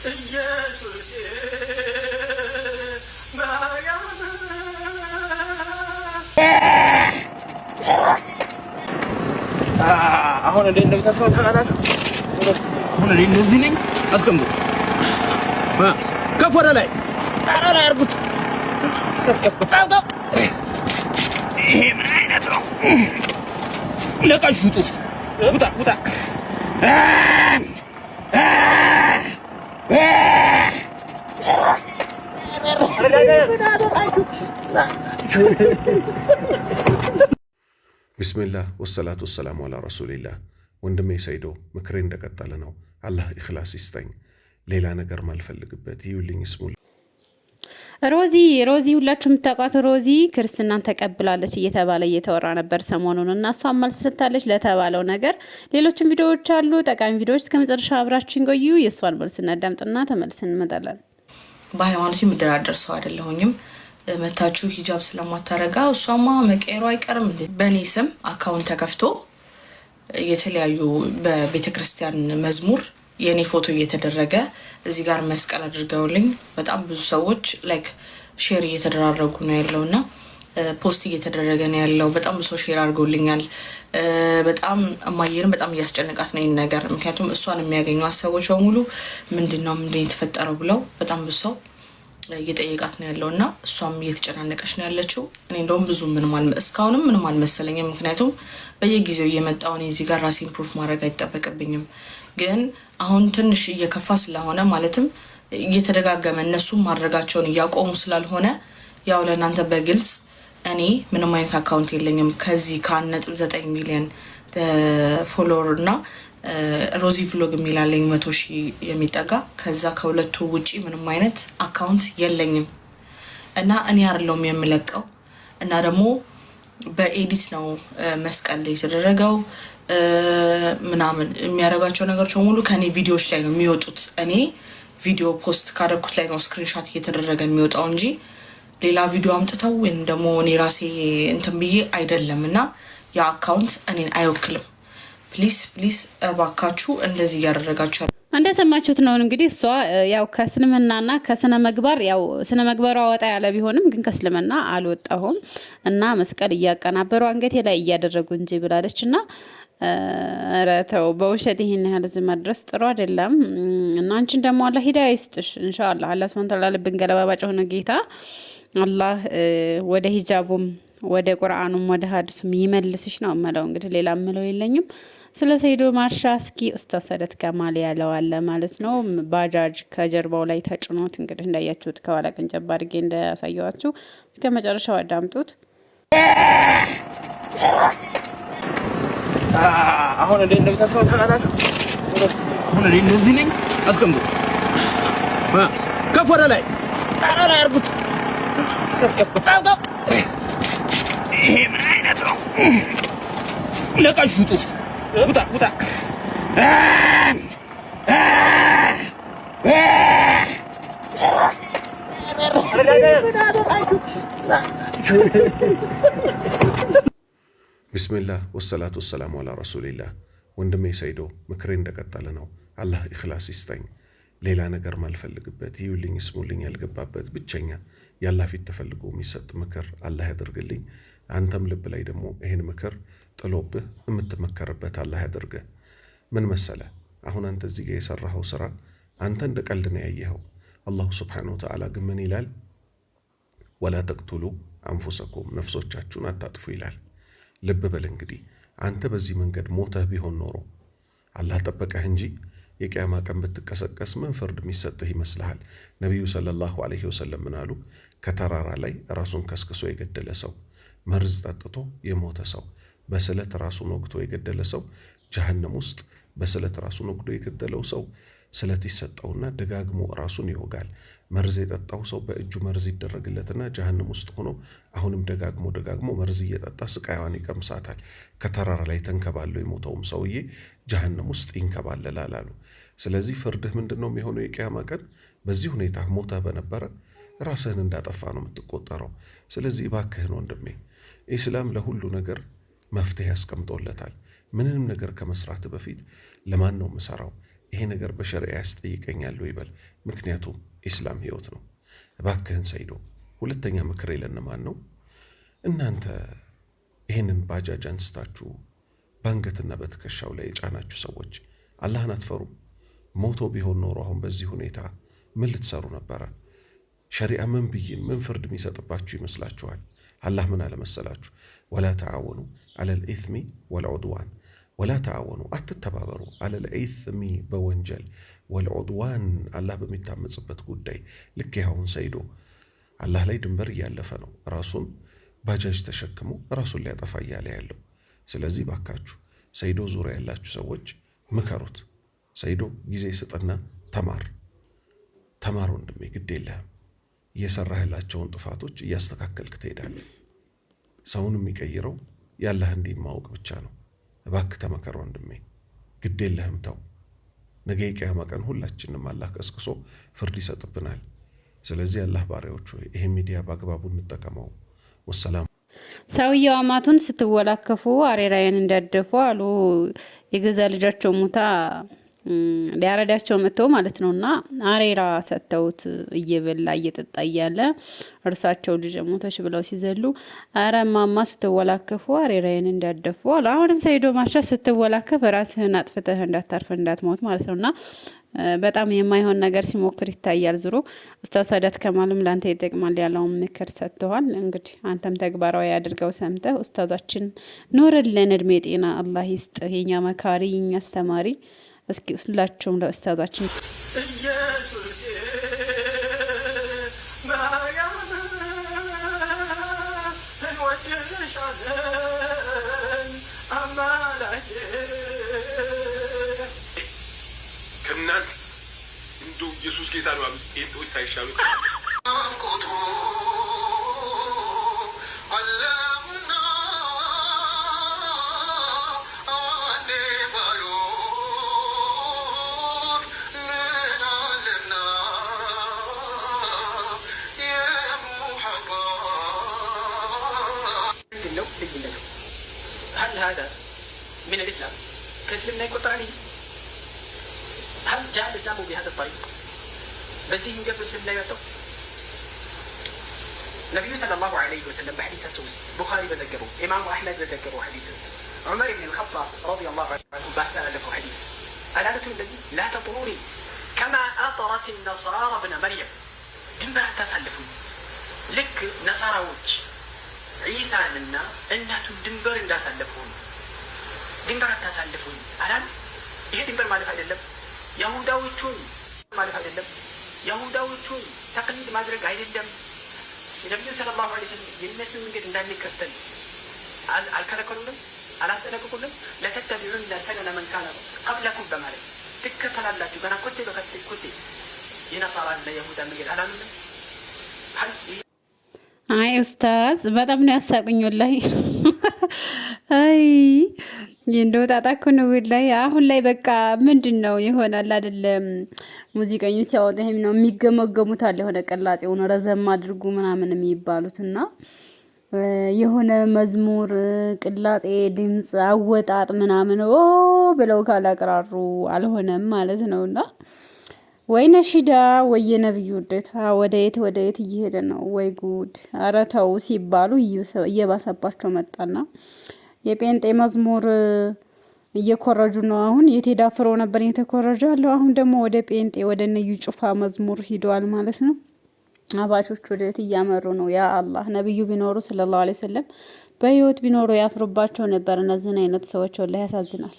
አሁን እንዴት እንደምታስቀምጥ ታውቃላችሁ? አሁን እንዴት እንደዚህ ነኝ አስቀምጡ። ከፍ ወደ ላይ ኧረ ላይ ይሄ ምን አይነት ነው? ለቃሽ ውጡ ውጣ ውጣ ቢስሚላህ ወሰላቱ ወሰላሙ አላ ረሱሊላህ። ወንድሜ ሰይዶ ምክሬ እንደቀጠለ ነው። አላህ ኢኽላስ ይስጠኝ። ሌላ ነገር ማልፈልግበት ይዩልኝ ስሙል ሮዚ ሮዚ ሁላችሁ የምታውቋት ሮዚ ክርስትናን ተቀብላለች እየተባለ እየተወራ ነበር ሰሞኑን እና እሷ መልስ ሰጥታለች ለተባለው ነገር። ሌሎችም ቪዲዮዎች አሉ፣ ጠቃሚ ቪዲዮዎች። እስከ መጨረሻ አብራችን ቆዩ። የእሷን መልስ እናዳምጥና ተመልስ እንመጣለን። በሃይማኖት የምደራደር ሰው አይደለሁኝም። መታችሁ ሂጃብ ስለማታረጋ እሷማ መቀየሩ አይቀርም። በእኔ ስም አካውንት ተከፍቶ የተለያዩ በቤተክርስቲያን መዝሙር የእኔ ፎቶ እየተደረገ እዚህ ጋር መስቀል አድርገውልኝ በጣም ብዙ ሰዎች ላይክ ሼር እየተደራረጉ ነው ያለው እና ፖስት እየተደረገ ነው ያለው። በጣም ብዙ ሰው ሼር አድርገውልኛል። በጣም እማየንም በጣም እያስጨነቃት ነው ይህን ነገር ምክንያቱም እሷን የሚያገኟት ሰዎች በሙሉ ምንድን ነው ምንድን የተፈጠረው ብለው በጣም ብዙ ሰው እየጠየቃት ነው ያለው እና እሷም እየተጨናነቀች ነው ያለችው። እኔ እንደውም ብዙ ምንም እስካሁንም ምንም አልመሰለኝም፣ ምክንያቱም በየጊዜው እየመጣውን እዚህ ጋር ራሴን ፕሩፍ ማድረግ አይጠበቅብኝም። ግን አሁን ትንሽ እየከፋ ስለሆነ ማለትም እየተደጋገመ እነሱም ማድረጋቸውን እያቆሙ ስላልሆነ ያው ለእናንተ በግልጽ እኔ ምንም አይነት አካውንት የለኝም ከዚህ ከአንድ ነጥብ ዘጠኝ ሚሊዮን ፎሎወር እና ሮዚ ቭሎግ የሚላለኝ መቶ ሺ የሚጠጋ ከዛ ከሁለቱ ውጪ ምንም አይነት አካውንት የለኝም እና እኔ አይደለሁም የምለቀው እና ደግሞ በኤዲት ነው መስቀል የተደረገው ምናምን የሚያደርጋቸው ነገሮች በሙሉ ከእኔ ቪዲዮዎች ላይ ነው የሚወጡት። እኔ ቪዲዮ ፖስት ካደረኩት ላይ ነው ስክሪንሻት እየተደረገ የሚወጣው እንጂ ሌላ ቪዲዮ አምጥተው ወይም ደግሞ እኔ ራሴ እንትን ብዬ አይደለም። እና ያ አካውንት እኔን አይወክልም። ፕሊስ ፕሊስ፣ እባካችሁ እንደዚህ እያደረጋችሁ እንደሰማችሁት ነው እንግዲህ። እሷ ያው ከእስልምናና ከስነ መግባር ያው ስነ ምግባሯ ወጣ ያለ ቢሆንም ግን ከእስልምና አልወጣሁም እና መስቀል እያቀናበሩ አንገቴ ላይ እያደረጉ እንጂ ብላለች እና ኧረ ተው በውሸት ይህን ያህል እዚህ መድረስ ጥሩ አይደለም። እና አንቺን ደግሞ አላህ ሂዳያ ይስጥሽ። እንሻላ አላህ ስብን ታላ ልብን ገለባባጭ የሆነ ጌታ አላህ ወደ ሂጃቡም ወደ ቁርአኑም ወደ ሀዲሱም ይመልስሽ ነው እምለው። እንግዲህ ሌላ እምለው የለኝም። ስለ ሰይዶ ማርሻ እስኪ ኡስታዝ ሰደት ከማል ያለው አለ ማለት ነው። ባጃጅ ከጀርባው ላይ ተጭኖት እንግዲህ እንዳያችሁት ከኋላ ቀንጨባ አድርጌ እንዳያሳየዋችሁ እስከ መጨረሻው አዳምጡት። አሁን እንዴት እንደምታስቀምጥ ታውቃላችሁ? አሁን እንዴት እንደዚህ ነኝ አስቀምጡ። ከፍ ወደ ላይ ላይ አድርጉት። ይሄ ምን አይነት ነው? ነቃችሁት ውስጥ ውጣ ውጣ ብስሚላህ ወሰላት ወሰላሙ አላ ረሱሊላህ። ወንድሜ ሰይዶ ምክሬ እንደቀጠለ ነው። አላህ ኢኽላስ ይስጠኝ። ሌላ ነገር ማልፈልግበት ይዩልኝ ስሙልኝ ያልገባበት ብቸኛ የአላህ ፊት ተፈልጎ የሚሰጥ ምክር አላህ ያደርግልኝ። አንተም ልብ ላይ ደግሞ ይህን ምክር ጥሎብህ የምትመከርበት አላህ ያደርግህ። ምን መሰለ፣ አሁን አንተ እዚህ ጋ የሰራኸው ስራ አንተ እንደ ቀልድ ነው ያየኸው። አላሁ ስብሓነሁ ወተዓላ ግን ምን ይላል? ወላ ተቅቱሉ አንፉሰኩም፣ ነፍሶቻችሁን አታጥፉ ይላል። ልብ በል እንግዲህ አንተ በዚህ መንገድ ሞተህ ቢሆን ኖሮ አላህ ጠበቀህ እንጂ የቅያማ ቀን ብትቀሰቀስ ምን ፍርድ የሚሰጥህ ይመስልሃል? ነቢዩ ሰለላሁ ዐለይሂ ወሰለም ምን አሉ? ከተራራ ላይ ራሱን ከስክሶ የገደለ ሰው፣ መርዝ ጠጥቶ የሞተ ሰው፣ በስለት ራሱን ወግቶ የገደለ ሰው፣ ጀሀነም ውስጥ በስለት ራሱን ወግዶ የገደለው ሰው ስለት ይሰጠውና ደጋግሞ ራሱን ይወጋል። መርዝ የጠጣው ሰው በእጁ መርዝ ይደረግለትና ጀሃንም ውስጥ ሆኖ አሁንም ደጋግሞ ደጋግሞ መርዝ እየጠጣ ስቃይዋን ይቀምሳታል። ከተራራ ላይ ተንከባለው የሞተውም ሰውዬ ጀሃንም ውስጥ ይንከባለላል አሉ። ስለዚህ ፍርድህ ምንድን ነው የሚሆነው? የቅያማ ቀን በዚህ ሁኔታ ሞተህ በነበረ ራስህን እንዳጠፋ ነው የምትቆጠረው። ስለዚህ እባክህን ወንድሜ ኢስላም ለሁሉ ነገር መፍትሄ ያስቀምጦለታል። ምንንም ነገር ከመስራት በፊት ለማን ነው የምሰራው ይሄ ነገር በሸሪያ ያስጠይቀኛል ይበል። ምክንያቱም ኢስላም ህይወት ነው። እባክህን ሰይዶ፣ ሁለተኛ ምክር የለን ማን ነው እናንተ ይህንን ባጃጅ አንስታችሁ በአንገትና በትከሻው ላይ የጫናችሁ ሰዎች አላህን አትፈሩም? ሞቶ ቢሆን ኖሮ አሁን በዚህ ሁኔታ ምን ልትሰሩ ነበረ? ሸሪአ ምን ብይን ምን ፍርድ የሚሰጥባችሁ ይመስላችኋል? አላህ ምን አለመሰላችሁ? ወላ ተዓወኑ አለል ኢትሚ ወልዑድዋን ወላ ተአወኑ አትተባበሩ፣ አለል ኢስሚ በወንጀል ወልዑድዋን አላህ በሚታመጽበት ጉዳይ ልክ ያሁን ሰይዶ አላህ ላይ ድንበር እያለፈ ነው። ራሱን ባጃጅ ተሸክሞ ራሱን ሊያጠፋ እያለ ያለው። ስለዚህ ባካችሁ ሰይዶ ዙሪያ ያላችሁ ሰዎች ምከሩት። ሰይዶ ጊዜ ስጥና ተማር ተማር፣ ወንድሜ ግድ የለህም። እየሰራህላቸውን ጥፋቶች እያስተካከልክ ትሄዳለህ። ሰውን የሚቀይረው ያላህ እንዲን ማወቅ ብቻ ነው። እባክህ ተመከር ወንድሜ፣ ግድ የለህም ተው። ነገ የቂያማ ቀን ሁላችንም አላህ ቀስቅሶ ፍርድ ይሰጥብናል። ስለዚህ አላህ ባሪያዎች ሆይ ይሄ ሚዲያ በአግባቡ እንጠቀመው። ወሰላም። ሰውየው አማቱን ስትወላከፉ አሬራዬን እንዳደፉ አሉ የገዛ ልጃቸው ሙታ ሊያረዳቸው መጥተው ማለት ነው እና አሬራ ሰጥተውት እየበላ እየጠጣ እያለ እርሳቸው ልጅ ሞተች ብለው ሲዘሉ አረ ማማ ስትወላከፉ አሬራዬን እንዳደፉ አሉ። አሁንም ሰይዶ ማሻ ስትወላከፍ ራስህን አጥፍተህ እንዳታርፍ እንዳትሞት ማለት ነው እና በጣም የማይሆን ነገር ሲሞክር ይታያል። ዝሮ ኡስታዝ ሳዳት ከማልም ለአንተ ይጠቅማል ያለውን ምክር ሰጥተዋል። እንግዲህ አንተም ተግባራዊ አድርገው ሰምተህ ኡስታዛችን ኖረልን እድሜ ጤና አላህ ይስጥ የኛ መካሪ የኛ አስተማሪ እስኪ ሁላቸውም ለእስታዛችን ከእናንተስ እንዱ ኢየሱስ ጌታ ነው ሳይሻሉ من الإسلام ما يقطر عليه هل جاء الإسلام بهذا الطريق بس هي يوجد سلم لا يعتقد النبي صلى الله عليه وسلم بحديث التوس بخاري بذكره إمام أحمد بذكره حديث عمر بن الخطاب رضي الله عنه بس له حديث الآلة الذي لا تطروني كما أطرت النصارى ابن مريم ድንበር لك نصارى عيسى ዒሳንና እናቱን ድንበር እንዳሳለፉ ነው ድንበር አታሳልፉኝ አላል። ይሄ ድንበር ማለፍ አይደለም የሁዳዎቹን ማለፍ አይደለም የሁዳዎቹን ተቅሊድ ማድረግ አይደለም። ነቢዩ ሰለላሁ ዐለይሂ ወሰለም የእነሱ መንገድ እንዳንከተል አልከለከሉንም፣ አላስጠነቅቁንም። ለተተቢዑን ለሰነነ መን ቀብለኩም በማለት ትከተላላችሁ ገና ኮቴ በከቴ ኮቴ የነሳራና የሁዳ መንገድ አላሉንም። አይ ኡስታዝ በጣም ነው ያሳቁኝ ላይ አይ እንደው ጣጣ እኮ ነው ላይ አሁን ላይ በቃ ምንድን ነው ይሆናል አይደለም ሙዚቀኞች ሲያወጡ ይሄም ነው የሚገመገሙት አለ የሆነ ቅላጼ ሆነ ረዘም አድርጉ ምናምን የሚባሉት እና የሆነ መዝሙር ቅላጼ ድምፅ አወጣጥ ምናምን ኦ ብለው ካላቅራሩ አልሆነም ማለት ነው እና ወይ ነሽዳ ወይ የነብዩ ውዴታ ወደ የት ወደ የት እየሄደ ነው ወይ ጉድ አረተው ሲባሉ እየባሰባቸው መጣና የጴንጤ መዝሙር እየኮረጁ ነው። አሁን የቴዲ አፍሮ ነበር የተኮረጀ ያለው። አሁን ደግሞ ወደ ጴንጤ ወደ ነዩ ጩፋ መዝሙር ሂደዋል ማለት ነው። አባቾች ወደት እያመሩ ነው። ያ አላህ ነቢዩ ቢኖሩ ሰለላሁ ዐለይሂ ወሰለም በህይወት ቢኖሩ ያፍሩባቸው ነበር። እነዚህን አይነት ሰዎች ላይ ያሳዝናል።